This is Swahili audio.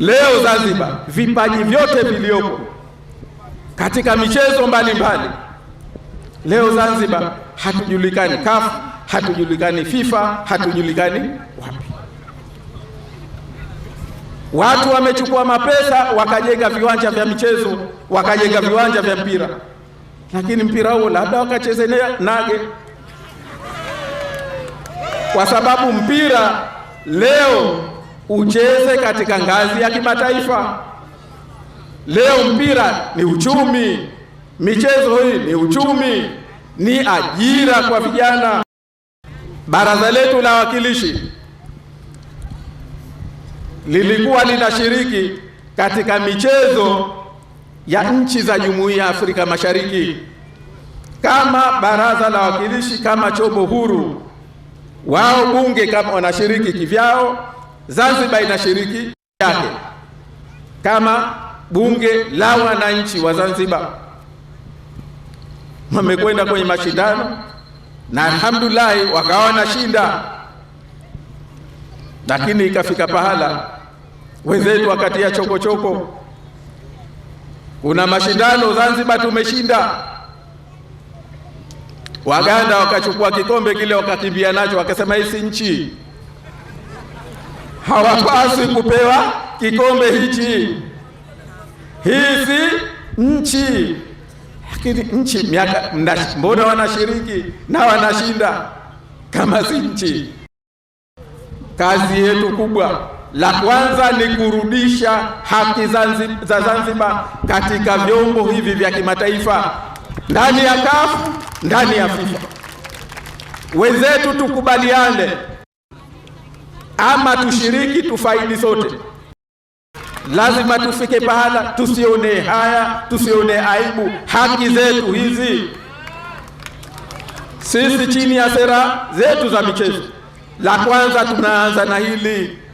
Leo Zanzibar vipaji vyote viliopo katika michezo mbalimbali, leo Zanzibar hatujulikani CAF, hatujulikani FIFA, hatujulikani wapi. Watu wamechukua mapesa wakajenga viwanja vya michezo, wakajenga viwanja vya mpira, lakini mpira huo labda wakachezenea nage, kwa sababu mpira leo ucheze katika ngazi ya kimataifa. Leo mpira ni uchumi, michezo hii ni uchumi, ni ajira kwa vijana. Baraza letu la Wawakilishi lilikuwa linashiriki katika michezo ya nchi za Jumuiya ya Afrika Mashariki kama baraza la wawakilishi, kama chombo huru. Wao bunge kama wanashiriki kivyao Zanzibar ina shiriki yake kama bunge la wananchi wa Zanzibar, wamekwenda kwenye mashindano na alhamdulillahi wakawa wanashinda, lakini ikafika pahala wenzetu wakatia chokochoko. Kuna mashindano Zanzibar tumeshinda, Waganda wakachukua kikombe kile, wakakimbia nacho, wakasema hii si nchi hawapaswi kupewa kikombe hichi. Hii si nchi, lakini nchi miaka, mbona wanashiriki na wanashinda kama si nchi? Kazi yetu kubwa la kwanza ni kurudisha haki za Zanzibar katika vyombo hivi vya kimataifa, ndani ya kafu, ndani ya FIFA. Wenzetu tukubaliane ama tushiriki tufaidi sote. Lazima tufike pahala tusionee haya, tusionee aibu haki zetu hizi. Sisi chini ya sera zetu za michezo, la kwanza tunaanza na hili.